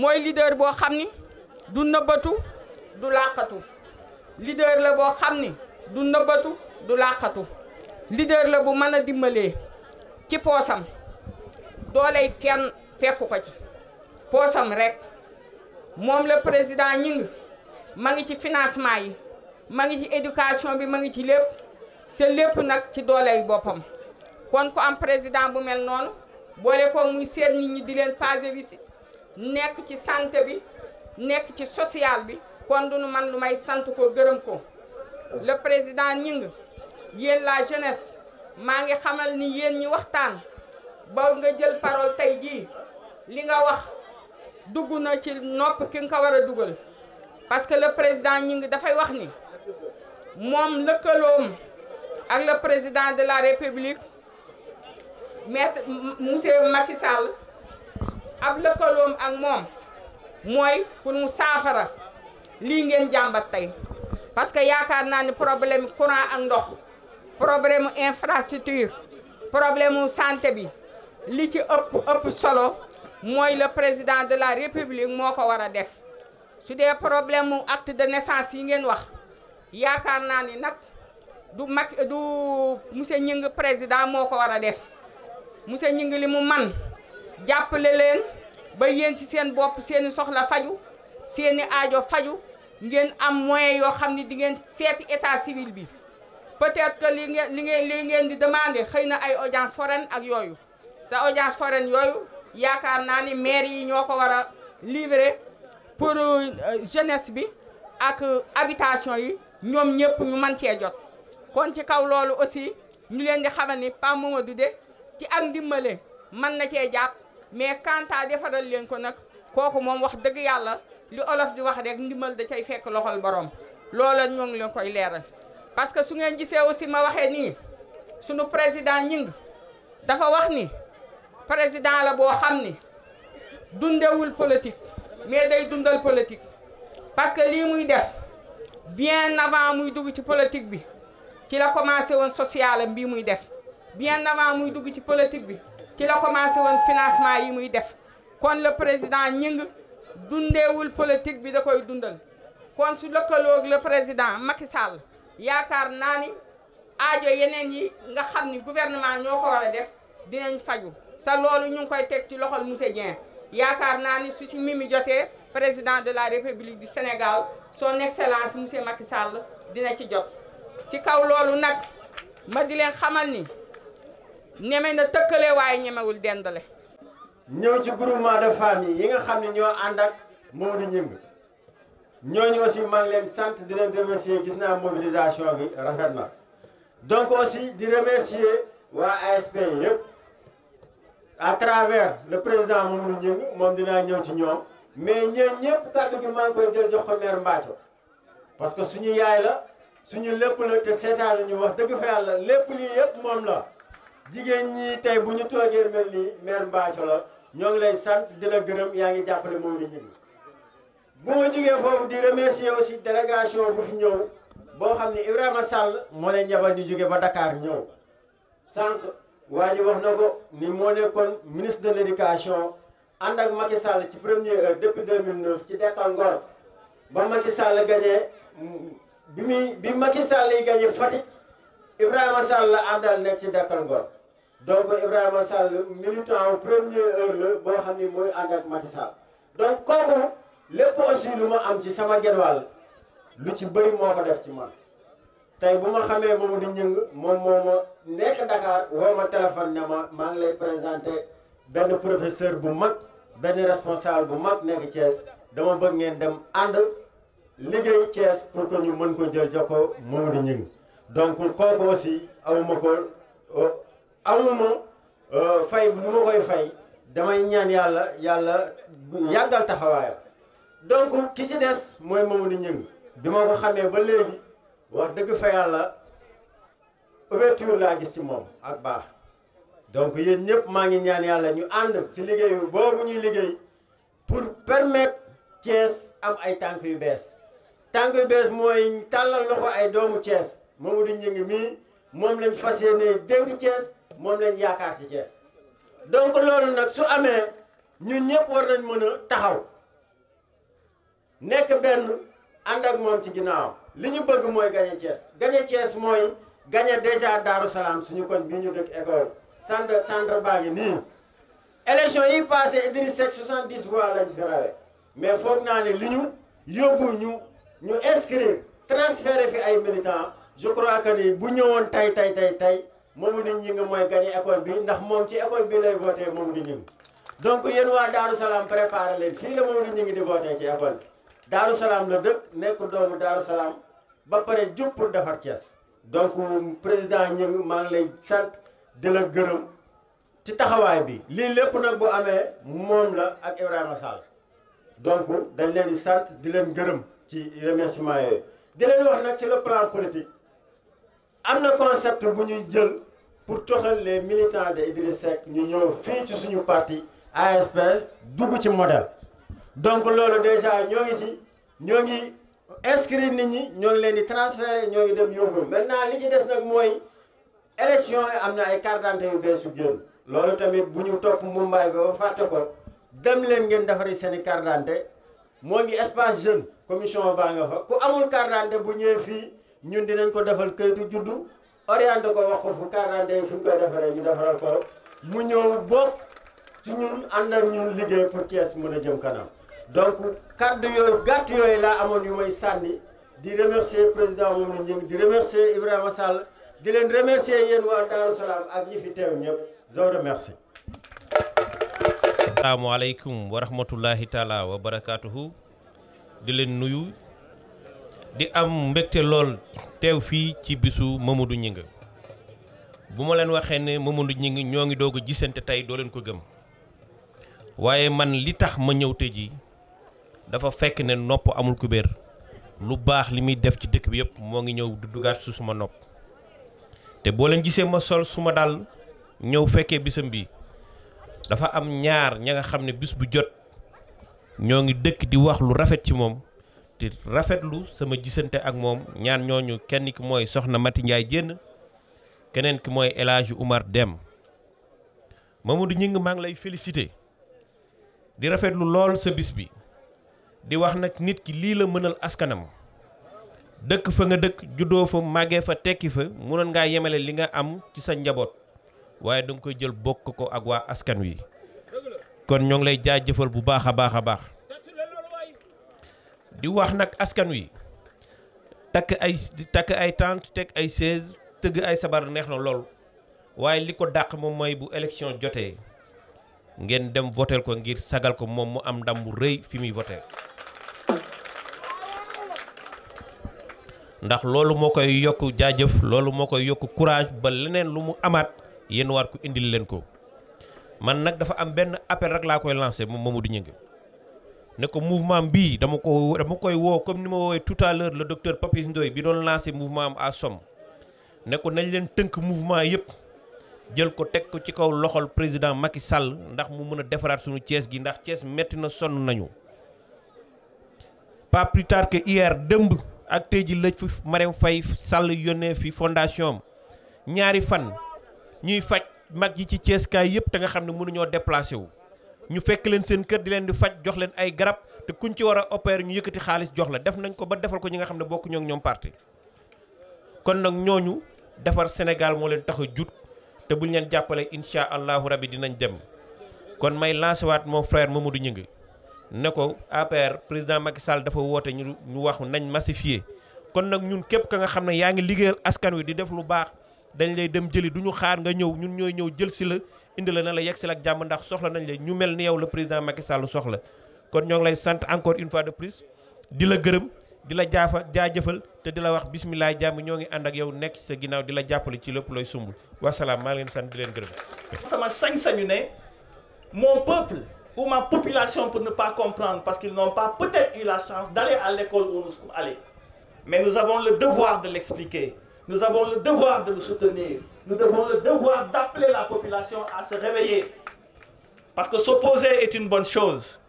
mooy leader boo xam ni du nëbbatu du làqatu leader la boo xam ni du nëbbatu du làqatu leader la bu mën a dimmalee ci poosam dooley kenn fekku ko ci poosam rek moom la président ñing maa ngi ci financement yi maa ngi ci éducation bi ma ngi ci lépp seen lépp nag ci dooley boppam kon ku am président bu mel noonu boole ko muy seet nit ñi di leen passé visite nekk ci santé bi nekk ci social bi kon du nu man lu may sant ko gërëm ko le président ñing yéen la jeunesse maa ngi xamal ni yéen ñi waxtaan ba nga jël parole tey jii li nga wax dugg na ci nopp ki nga ko war a dugal parce que le président Gning dafay wax ni moom lëkkaloom ak le président de la république maître monsieur Macky Sall ab lëkkaloom ak moom mooy pour mu saafara lii ngeen jàmbat tey parce que yaakaar naa ni problème courant ak ndox problème mu infrastructure problème mu santé bi li ci ëpp ëpp solo mooy le président de la république moo ko war a def su dee problème mu acte de naissance yi ngeen wax yaakaar naa ni nag du mag du monsieur Gningue président moo ko war a def monsieur Gningue li mu man jàppale leen ba yéen ci seen bopp seeni soxla faju seeni aajo faju ngeen am moyen yoo xam ni dingeen seeti état civil bi peut-être que li ngeen li ngeen li ngeen di demander xëy na ay audience foraine ak yooyu sa audience foraine yooyu yaakaar naa ni maire yi ñoo ko war a livrer pour euh, jeunesse bi ak habitation yi ñoom ñëpp ñu mën cee jot kon ci kaw loolu aussi ñu leen di xamal ni Pa Mamadou de ci am ndimbale mën na cee jàpp mais kanta defaral leen ko nag kooku moom wax dëgg yàlla li olof di wax rek ndimbal da cay fekk loxol borom loola ñoo ngi leen koy leeral parce que su ngeen gisee aussi ma waxee nii sunu président ñing dafa wax ni président la boo xam ni dundewul politique mais day dundal politique parce que lii muy def bien avant muy dugg ci politique bi ci la commencé woon sociale bii muy def bien avant muy dugg ci politique bi ci la commencé woon financement yi muy def kon le président ñing dundeewul politique bi da koy dundal kon su lëkkaloog le président Macky Sall yaakaar naa ni aajo yeneen yi nga xam ni gouvernement ñoo ko war def dinañ faju sa loolu ñu ngi koy teg ci loxol monsieur Dieng yaakaar naa ni su si Mimi jotee président de la république du Sénégal soo excellence monsieur Macky Sall dina ci jot ci kaw loolu nag ma di leen xamal ni ñeme na tëkkale waaye ñemewul dendale ñëw ci groupement de famille yi nga xam ne ñoo ànd ak Modou Gningue ñooñu aussi maa leen sant di leen remercier gis naa mobilisation bi rafet na donc aussi di remercier waa ASP yëpp à travers le président Mamadou Gningue moom dinaa ñëw ci ñoom mais ñeen ñëpp kàddu gi maa ngi koy jël jox ko parce que suñu yaay la suñu lépp la te seetaan la ñu wax dëgg fa yàlla lépp li yëpp moom la jigéen ñi tey bu ñu toogee mel nii maire Mbathio la ñoo ngi lay sant di la gërëm yaa ngi jàppale moo la ñu bu ma jógee foofu di remercier aussi délégation bu fi ñëw boo xam ne Ibrahima Sall moo leen ñabal ñu jóge ba Dakar ñëw sànq waa ji wax na ko ni moo nekkoon ministre de l' éducation ànd ak Macky Sall ci première dëpp depuis 2009 ci Dekkal Ngor ba Macky Sall gagné bi muy bi Macky Sall yi gagné Fatick Ibrahima Sall la àndal nekk ci Dekkal Ngor. donc Ibrahima Sall militant première heure la boo xam ni mooy ànd ak Macky Sall donc kooku lépp aussi lu ma am ci sama genwàll lu ci bëri moo ko def ci man tey bu ma xamee Mamadou Gningue moom moo ma nekk Dakar woo ma téléphone ne ma maa ngi lay présenter benn professeur bu mag benn responsable bu mag nekk Thiès dama bëgg ngeen dem ànd liggéey Thiès pour que ñu mën ko jël jokkoo Mamadou Gningue donc kooku aussi awuma ko amuma euh, fay lu ma koy fay damay ñaan yàlla yàlla yàggal taxawaayam donc ki si des mooy Mamadou Gningue bi ma ko xamee ba léegi wax dëgg fa yàlla ouverture laa gis ci moom ak baax donc yéen ñëpp maa ngi ñaan yàlla ñu ànd ci liggéey boobu ñuy liggéey pour permettre Thiès am ay tànk yu bees tànk yu bees mooy tàllal loxo ay doomu Thiès Mamadou Gningue mii moom lañ fas yéene dénk Thiès moom lañ yaakaar ci Thiès donc loolu nag su amee ñu ñëpp war nañ mën a taxaw nekk benn ànd ak moom ci ginnaawam li ñu bëgg mooy gagné Thiès gagné Thiès mooy gagné déjà Darou Salaam suñu koñ bi ñu dëkk école centre centre baa nii élection yi passé Idriss Seck 70 voix lañ fi mais foog naa ne li ñu yóbbu ñu ñu inscrire transféré fi ay militants je crois bu ñëwoon tey tey tey tey Mamadou Gningue mooy gagné école bi ndax moom ci école bi lay voté Mamadou Gningue donc yéen waa Daaru Salaam préparé leen fii la Mamadou Gningue di voté ci école bi Daaru la dëkk nekk doomu Daaru Salaam ba pare jub pour defar Thiès donc président Gningue maa ngi lay sant di la gërëm ci taxawaay bi lii lépp nag bu amee moom la ak Ibrahima saal donc dañ leen di sant di leen gërëm ci remerciement yooyu di leen wax nag si le plan politique am na concept bu ñuy jël pour toxal les militants de Idriss Seck ñu ñëw fii ci suñu parti ASP dugg ci modèle donc loolu déjà ñoo ngi ci ñoo ngi inscrire nit ñi ñoo ngi leen di transférer ñoo ngi dem yóbbu maintenant li ci des nag mooy élection yi am na ay carte yu bees yu génn loolu tamit bu ñu topp Mumbaay ba ba fàtte ko dem leen ngeen defari seen i carte moo ngi espace jeune commission baa nga fa ku amul carte bu ñëwee fii. ñun di dinañ ko defal kayitu juddu orienté ko wax ko fu quarante yi fu koy defaree ñu defaral ko mu ñëw bokk ci ñun ànd ak ñun liggéey pour Thiès mën a jëm kanam donc kaddu yooyu gàtt yooyu laa amoon yu may sànni di remercier président moom la ñu di remercier Ibrahima Sall di leen remercier yéen waa Salaam ak ñi fi teew ñëpp je vous remercie. asalaamaaleykum wa rahmatullahi taala wa barakaatuhu di leen nuyu. di am mbégte lool teew fii ci bisu Mamadou Gningue bu ma leen waxee ne Mamadou Gningue ñoo ngi doog a gisante tey doo leen ko gëm waaye man li tax ma ñëw te ji dafa fekk ne nopp amul kubéer lu baax li muy def ci dëkk bi yëpp moo ngi ñëw du dugaat su suma nopp te boo leen gisee ma sol suma daal ñëw fekkee bisam bi dafa am ñaar ña nga xam ne bis bu jot ñoo ngi dëkk di wax lu rafet ci moom di rafetlu sama gisante ak moom ñaan ñooñu kenn ki mooy soxna Mati Ndiaye Diène keneen ki mooy El Hadji Oumar dem Mamadou Ñing maa ngi lay félicité di rafetlu lool sa bis bi di wax nag nit ki lii la mënal askanam dëkk fa nga dëkk juddoo fa màggee fa tekki fa mënoon nga yemale li nga am ci sa njaboot waaye da nga koy jël bokk ko ak waa askan wi kon ñoo ngi lay jaajëfal bu baax a baax a baax di wax nag askan wi takk ay takk ay tente teg ay chaise tëgg ay sabar neex na lool waaye li ko dàq moom mooy bu élection jotee ngeen dem votel ko ngir sagal ko moom mu am ndam bu rëy fi muy voté ndax loolu moo koy yokk jaajëf loolu moo koy yokk courage ba leneen lu mu amaat yéen waat ko indil leen ko man nag dafa am benn appel rek laa koy lancé moom Mamadou Gningue ne ko mouvement bii dama ko dama koy woo comme ni ma woowee tout à l'heure le docteur Papis Ndoye bi doon lancé mouvement am à Somme ne ko nañ leen tënk mouvement yëpp jël ko teg ko ci kaw loxol président Macky Sall ndax mu mën a defaraat suñu cees gi ndax Thiès metti na sonn nañu pas plus dëmb ak tey ji lëj fi Marème fay Sall yónnee fi fondation ñaari fan ñuy faj mag yi ci Thiès kaay yëpp te nga xam ne mënuñoo déplacé wu ñu fekk leen seen kër di leen di faj jox leen ay garab te kuñ ci war a opérer ñu yëkkati xaalis jox la def nañ ko ba defal ko ñi nga xam ne bokk ñoo ñoom parti kon nag ñooñu defar Sénégal moo leen tax a jut te buñ leen jàppale incha allahu rabi dinañ dem kon may lancé waat mon frère Mamadou Gningue ne ko APR président Macky Sall dafa woote ñu ñu wax nañ massifier kon nag ñun képp ka nga xam ne yaa ngi liggéeyal askan wi di def lu baax dañ lay dem jëli du ñu xaar nga ñëw ñun ñooy ñëw jël si la indi la na la yegsi ak jàmm ndax soxla nañ la ñu mel ni yow le président Macky Sall soxla kon ñoo ngi lay sant encore une fois de plus di la gërëm di la jaafa jaajëfal te di la wax bisimilah jàmm ñoo ngi ànd ak yow nekk sa ginnaaw di la jàppale ci lépp looy sumbul wasalaam maa ngi leen sant di leen gërëm. sama sañ-sañu ne mon peuple ou ma population pour ne pas comprendre parce que n'ont pas peut-être la chance d'aller à l'école où nous sommes allés Nous avons le devoir de le soutenir. Nous devons le devoir d'appeler la population à se réveiller. Parce que s'opposer est une bonne chose.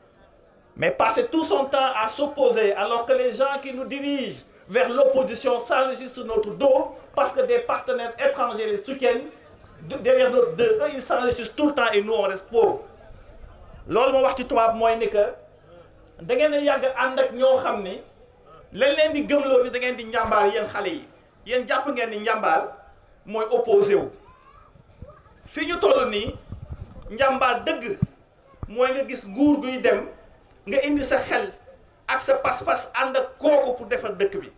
Mais passer tout son temps à s'opposer alors que les gens qui nous dirigent vers l'opposition s'enrichissent sur notre dos parce que des partenaires étrangers les soutiennent, derrière notre deux, eux ils s'enrichissent tout le temps et nous on reste pauvres. loolu ma wax ci tubaab mooy ni que da ngeen a yàgg ànd ak ñoo xam ni lañ leen di gëmloo ni da ngeen di njàmbaar yéen xale yi. yéen jàpp ngeen ni njàmbaar mooy opposé wu fi ñu toll nii njàmbaar dëgg mooy nga gis nguur guy dem nga indi sa xel ak sa pas-pas ànd ak kooku pour defar dëkk bi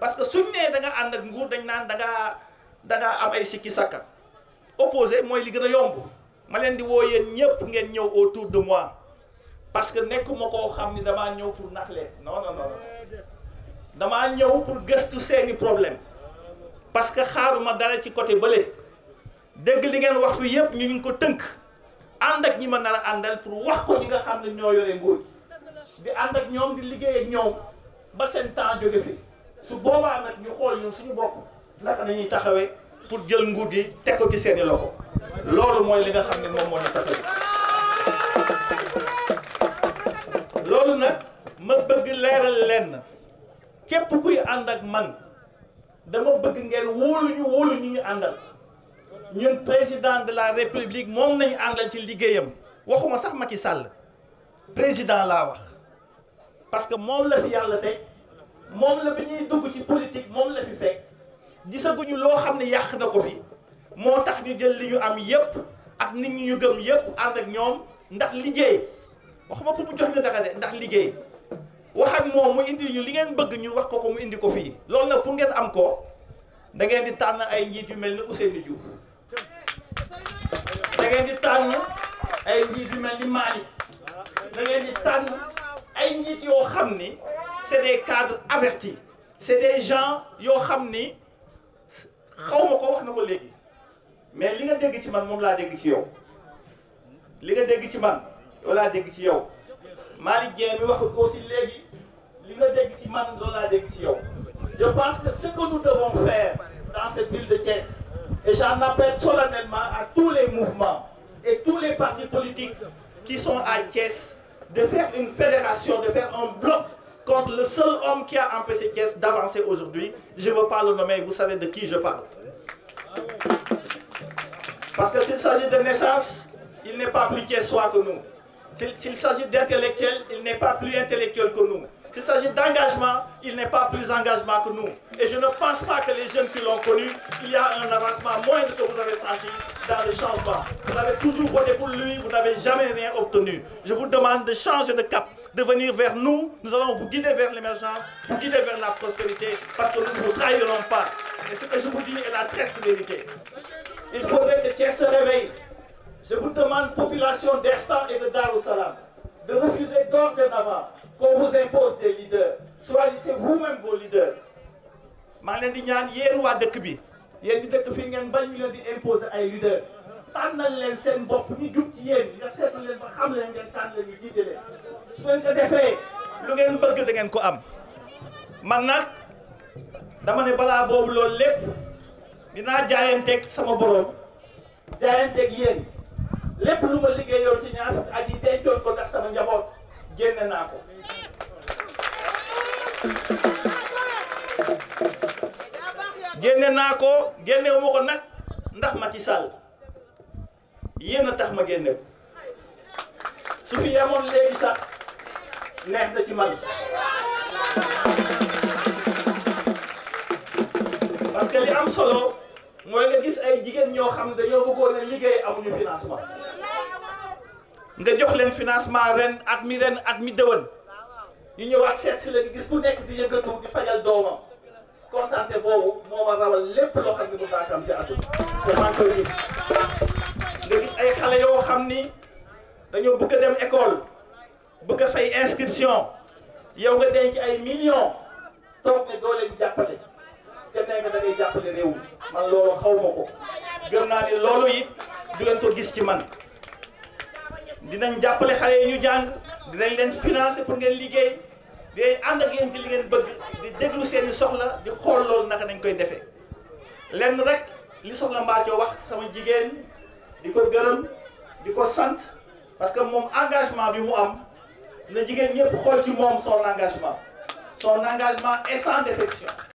parce que suñ nee da nga ànd ak nguur dañ naan da ngaa da ngaa am ay sikki sakka opposé mooy li gën a yomb ma leen di woo yéen ñëpp ngeen ñëw autour de mois parce que nekkuma koo xam ni damaa ñëw pour nax leen damaa ñëw pour gëstu seeni problème parce que xaaruma dara ci côté bële dégg li ngeen wax fi yëpp ñu ngi ko tënk ànd ak ñi ma nar a àndal pour wax ko ñi nga xam ne ñoo yore nguur gi di ànd ak ñoom di liggéeya ak ñoom ba seen temps jóge fi su boobaa nag ñu xool ñun suñu bopp naka nañuy taxawee pour jël nguur yi teg ko ci seeni loxo loolu mooy li nga xam ne moom moo ñu taxawee loolu nag ma bëgg leeral lenn képp kuy ànd ak man. dama bëgg ngeen wóolu ñu wóolu ñu ñu àndal ñun président de la république moom nañu àndal ci liggéeyam waxuma sax ma ci sàll président laa wax parce que moom la fi yàlla teg moom la bi ñuy dugg ci politique moom la fi fekk gisaguñu loo xam ne yàq na ko fi moo tax ñu jël li ñu am yépp ak nit ñi ñu gëm yépp ànd ak ñoom ndax liggéey waxuma pour mu jox ñu dara ndax liggéey wax ak moom mu indi ñu li ngeen bëgg ñu wax ko ko mu indi ko fii lool nag pour ngeen am ko da ngeen di tànn ay njiit yu mel ni Ousseynou Diouf da ngeen di tànn ay njiit mel ni Malick da ngeen di tànn ay yoo xam ni c'est des cadres avertis c'est des gens yoo xam ni xaw ko wax na ko léegi mais li nga dégg ci man moom laa dégg ci yow li nga dégg ci man yow laa dégg ci yow Malick Dieng mi wax ko aussi léegi li nga dégg ci man loolu laa dégg ci yow je pense que ce que nous devons faire dans cette ville de Thiès et j'en appelle solennellement à tous les mouvements et tous les partis politiques qui sont à Thiès de faire une fédération de faire un bloc contre le seul homme qui a empêché Thiès d'avancer aujourd'hui je ne veux pas le nommer vous savez de qui je parle parce que s'il s'agit de naissance il n'est pas plus thiessois que nous s'il s'agit d'intellectuel il n'est pas plus intellectuel S'il s'agit d'engagement, il n'est pas plus engagement que nous. Et je ne pense pas que les jeunes qui l'ont connu, il y a un avancement moindre que vous avez senti dans le changement. Vous avez toujours voté pour lui, vous n'avez jamais rien obtenu. Je vous demande de changer de cap, de venir vers nous. Nous allons vous guider vers l'émergence, vous guider vers la prospérité, parce que nous ne vous trahirons pas. Et ce que je vous dis est la très vérité. Il faudrait que de Dar Salam, de refuser qu'on vous impose des leaders choisissez vous-même vos leaders maa leen di ñaan yéen waa dëkk bi yéen di dëkk fii ngeen bañ ñu di imposer ay leaders tànnal leen seen bopp ñu jub ci yéen nga seetlu leen ba xam leen ngeen tànn leen ñu su ngeen ko defee lu ngeen bëgg da ngeen ko am man nag dama ne balaa boobu loolu lépp dinaa jaayanteeg sama borom jaayanteeg yéen lépp lu ma liggéeyoon ci ñaar at yi dencoon ko ndax sama njaboot. génne naa ko génne naa ko génne ma ko nag ndax Macky Sall yéen a tax ma génne ko su fi yemoon léegi sax neex na ci man parce li am solo mooy nga gis ay jigéen ñoo xam ne dañoo bëggoon a liggéey amuñu financement nga jox leen financement ren at mi ren at mi dëwën ñu ñëwaat seet si la gis ku nekk di yëngatu di fajal doomam kontante boobu moo ma rawal lépp loo xam ne bu baaxam ci atum te maa ngi gis nga gis ay xale yoo xam ni dañoo bëgg a dem école bëgg a fay inscription yow nga denc ay millions toog ne doo leen jàppale te nee nga da jàppale réew man loolu xaw ko gëm naa ne loolu it du leen ko gis ci man dinañ jàppale xale yi ñu jàng dinañ leen financer pour ngeen liggéey dinañ ànd ak yéen ci li ngeen bëgg di déglu seeni soxla di xool loolu naka nañ koy defee lenn rek li soxla Mbathio wax sama jigéen di ko gërëm di ko sant parce que moom engagement bi mu am na jigéen ñëpp xool ci moom son engagement son engagement est sans défection